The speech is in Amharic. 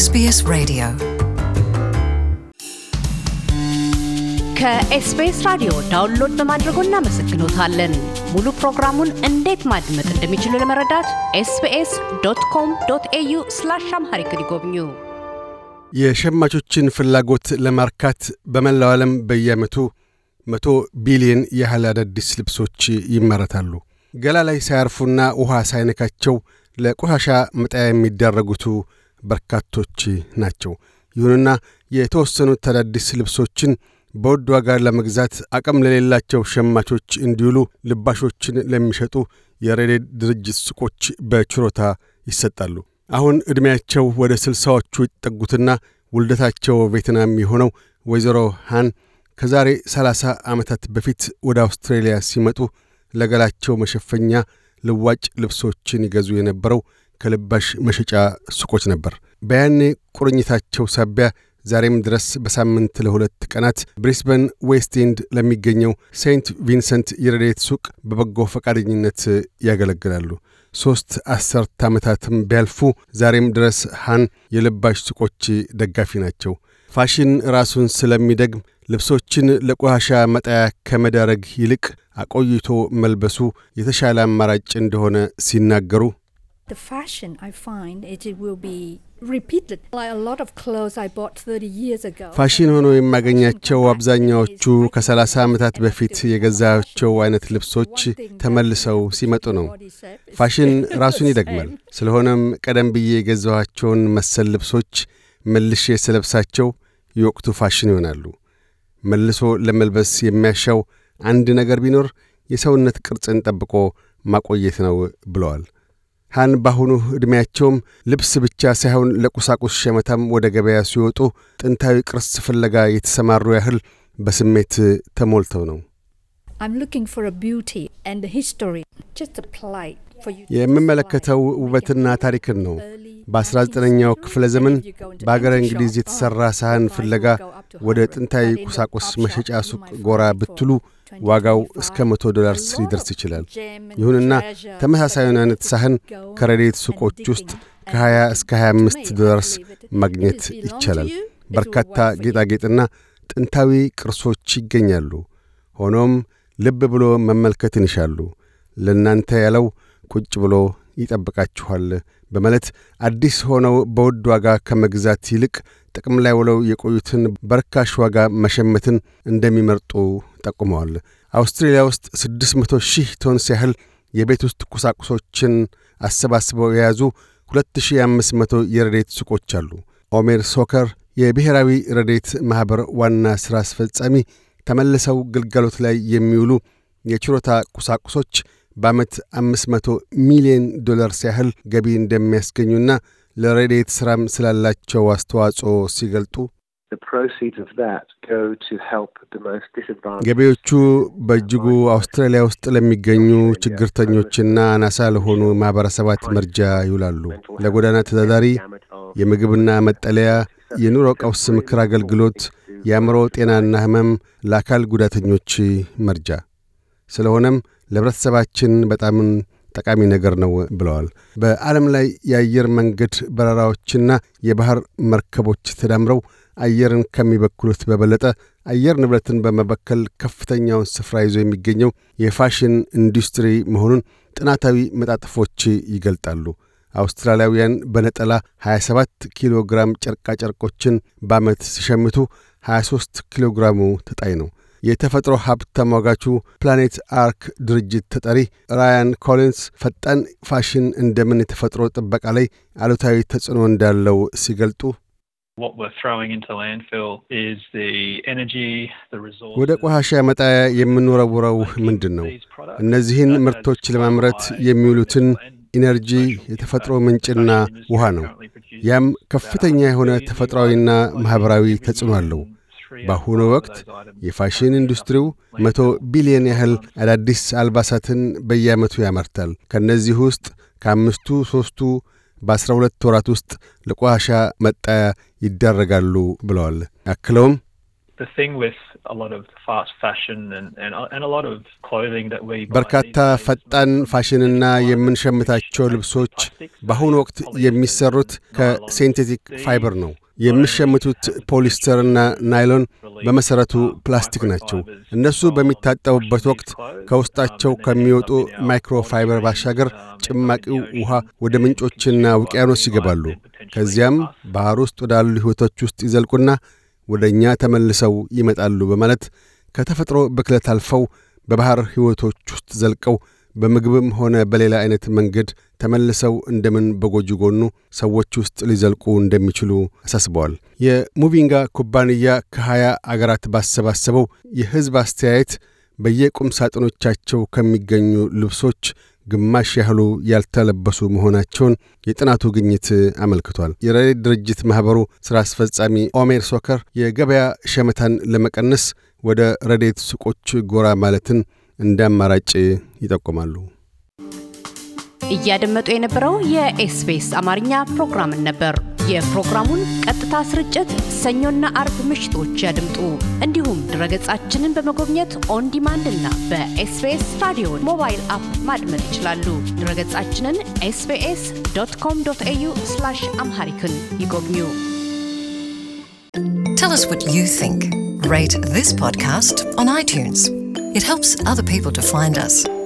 ኤስቢኤስ Radio ከኤስቢኤስ ራዲዮ ዳውንሎድ በማድረጎ እናመሰግኖታለን። ሙሉ ፕሮግራሙን እንዴት ማድመጥ እንደሚችሉ ለመረዳት ኤስቢኤስ ዶት ኮም ዶት ኤዩ ስላሽ አምሃሪክ ይጎብኙ። የሸማቾችን ፍላጎት ለማርካት በመላው ዓለም በየዓመቱ መቶ ቢሊየን ያህል አዳዲስ ልብሶች ይመረታሉ። ገላ ላይ ሳያርፉና ውሃ ሳይነካቸው ለቆሻሻ መጣያ የሚደረጉቱ በርካቶች ናቸው። ይሁንና የተወሰኑት አዳዲስ ልብሶችን በውድ ዋጋ ለመግዛት አቅም ለሌላቸው ሸማቾች እንዲውሉ ልባሾችን ለሚሸጡ የሬዴ ድርጅት ሱቆች በችሮታ ይሰጣሉ። አሁን ዕድሜያቸው ወደ ስልሳዎቹ ይጠጉትና ውልደታቸው ቬትናም የሆነው ወይዘሮ ሃን ከዛሬ 30 ዓመታት በፊት ወደ አውስትራሊያ ሲመጡ ለገላቸው መሸፈኛ ልዋጭ ልብሶችን ይገዙ የነበረው ከልባሽ መሸጫ ሱቆች ነበር። በያኔ ቁርኝታቸው ሳቢያ ዛሬም ድረስ በሳምንት ለሁለት ቀናት ብሪስበን ዌስት ኤንድ ለሚገኘው ሴንት ቪንሰንት የረዴት ሱቅ በበጎ ፈቃደኝነት ያገለግላሉ። ሦስት አሠርት ዓመታትም ቢያልፉ ዛሬም ድረስ ሃን የልባሽ ሱቆች ደጋፊ ናቸው። ፋሽን ራሱን ስለሚደግም ልብሶችን ለቆሻሻ መጣያ ከመዳረግ ይልቅ አቆይቶ መልበሱ የተሻለ አማራጭ እንደሆነ ሲናገሩ the fashion, I find it will be repeated. Like a lot of clothes I bought 30 years ago. ፋሽን ሆኖ የማገኛቸው አብዛኛዎቹ ከ30 ዓመታት በፊት የገዛቸው አይነት ልብሶች ተመልሰው ሲመጡ ነው። ፋሽን ራሱን ይደግማል። ስለሆነም ቀደም ብዬ የገዛኋቸውን መሰል ልብሶች መልሼ ስለብሳቸው የወቅቱ ፋሽን ይሆናሉ። መልሶ ለመልበስ የሚያሻው አንድ ነገር ቢኖር የሰውነት ቅርጽን ጠብቆ ማቆየት ነው ብለዋል። ሃን ባሁኑ ዕድሜያቸውም ልብስ ብቻ ሳይሆን ለቁሳቁስ ሸመታም ወደ ገበያ ሲወጡ ጥንታዊ ቅርስ ፍለጋ የተሰማሩ ያህል በስሜት ተሞልተው ነው። የምመለከተው ውበትና ታሪክን ነው። በ19ኛው ክፍለ ዘመን በአገረ እንግሊዝ የተሠራ ሳህን uh, ፍለጋ ወደ ጥንታዊ ቁሳቁስ መሸጫ ሱቅ ጎራ ብትሉ ዋጋው እስከ መቶ ዶላርስ ሊደርስ ይችላል። ይሁንና ተመሳሳዩን አይነት ሳህን ከረዴት ሱቆች ውስጥ ከ20 እስከ 25 ዶላርስ ማግኘት ይቻላል። በርካታ ጌጣጌጥና ጥንታዊ ቅርሶች ይገኛሉ። ሆኖም ልብ ብሎ መመልከትን ይሻሉ። ለእናንተ ያለው ቁጭ ብሎ ይጠብቃችኋል በማለት አዲስ ሆነው በውድ ዋጋ ከመግዛት ይልቅ ጥቅም ላይ ውለው የቆዩትን በርካሽ ዋጋ መሸመትን እንደሚመርጡ ጠቁመዋል። አውስትሬልያ ውስጥ 600 ሺህ ቶንስ ያህል የቤት ውስጥ ቁሳቁሶችን አሰባስበው የያዙ 2500 የረዴት ሱቆች አሉ። ኦሜር ሶከር የብሔራዊ ረዴት ማኅበር ዋና ሥራ አስፈጻሚ፣ ተመልሰው ግልጋሎት ላይ የሚውሉ የችሮታ ቁሳቁሶች በዓመት 500 ሚሊዮን ዶላርስ ያህል ገቢ እንደሚያስገኙና ለረድኤት ሥራም ስላላቸው አስተዋጽኦ ሲገልጡ ገቢዎቹ በእጅጉ አውስትራሊያ ውስጥ ለሚገኙ ችግርተኞችና አናሳ ለሆኑ ማኅበረሰባት መርጃ ይውላሉ። ለጎዳና ተዳዳሪ፣ የምግብና መጠለያ፣ የኑሮ ቀውስ ምክር አገልግሎት፣ የአእምሮ ጤናና ሕመም፣ ለአካል ጉዳተኞች መርጃ። ስለሆነም ለህብረተሰባችን በጣም ጠቃሚ ነገር ነው ብለዋል። በዓለም ላይ የአየር መንገድ በረራዎችና የባህር መርከቦች ተዳምረው አየርን ከሚበክሉት በበለጠ አየር ንብረትን በመበከል ከፍተኛውን ስፍራ ይዞ የሚገኘው የፋሽን ኢንዱስትሪ መሆኑን ጥናታዊ መጣጥፎች ይገልጣሉ። አውስትራሊያውያን በነጠላ 27 ኪሎ ግራም ጨርቃጨርቆችን በዓመት ሲሸምቱ 23 ኪሎ ግራሙ ተጣይ ነው። የተፈጥሮ ሀብት ተሟጋቹ ፕላኔት አርክ ድርጅት ተጠሪ ራያን ኮሊንስ ፈጣን ፋሽን እንደምን የተፈጥሮ ጥበቃ ላይ አሉታዊ ተጽዕኖ እንዳለው ሲገልጡ ወደ ቆሻሻ መጣያ የምንወረውረው ምንድን ነው? እነዚህን ምርቶች ለማምረት የሚውሉትን ኢነርጂ የተፈጥሮ ምንጭና ውሃ ነው። ያም ከፍተኛ የሆነ ተፈጥሯዊና ማኅበራዊ ተጽዕኖ አለው። በአሁኑ ወቅት የፋሽን ኢንዱስትሪው መቶ ቢሊዮን ያህል አዳዲስ አልባሳትን በየዓመቱ ያመርታል። ከእነዚህ ውስጥ ከአምስቱ ሦስቱ በአስራ ሁለት ወራት ውስጥ ለቆሻሻ መጣያ ይዳረጋሉ ብለዋል። አክለውም በርካታ ፈጣን ፋሽንና የምንሸምታቸው ልብሶች በአሁኑ ወቅት የሚሰሩት ከሴንቴቲክ ፋይበር ነው። የምሸምቱት ፖሊስተርና ናይሎን በመሠረቱ ፕላስቲክ ናቸው። እነሱ በሚታጠቡበት ወቅት ከውስጣቸው ከሚወጡ ማይክሮፋይበር ባሻገር ጭማቂው ውሃ ወደ ምንጮችና ውቅያኖስ ይገባሉ። ከዚያም ባህር ውስጥ ወዳሉ ሕይወቶች ውስጥ ይዘልቁና ወደ እኛ ተመልሰው ይመጣሉ በማለት ከተፈጥሮ ብክለት አልፈው በባሕር ሕይወቶች ውስጥ ዘልቀው በምግብም ሆነ በሌላ አይነት መንገድ ተመልሰው እንደምን በጎጁ ጎኑ ሰዎች ውስጥ ሊዘልቁ እንደሚችሉ አሳስበዋል። የሙቪንጋ ኩባንያ ከሀያ አገራት ባሰባሰበው የሕዝብ አስተያየት በየቁም ሳጥኖቻቸው ከሚገኙ ልብሶች ግማሽ ያህሉ ያልተለበሱ መሆናቸውን የጥናቱ ግኝት አመልክቷል። የረድኤት ድርጅት ማኅበሩ ሥራ አስፈጻሚ ኦሜር ሶከር የገበያ ሸመታን ለመቀነስ ወደ ረድኤት ሱቆች ጎራ ማለትን እንደ አማራጭ ይጠቁማሉ። እያደመጡ የነበረው የኤስቢኤስ አማርኛ ፕሮግራምን ነበር። የፕሮግራሙን ቀጥታ ስርጭት ሰኞና አርብ ምሽቶች ያድምጡ። እንዲሁም ድረገጻችንን በመጎብኘት ኦን ዲማንድ እና በኤስቢኤስ ራዲዮ ሞባይል አፕ ማድመጥ ይችላሉ። ድረገጻችንን ኤስቢኤስ ዶት ኮም ዶት ኤዩ አምሃሪክን ይጎብኙ። ቴል አስ ዋት ዩ ቲንክ። ሬት ዚስ ፖድካስት ኦን አይቲዩንስ It helps other people to find us.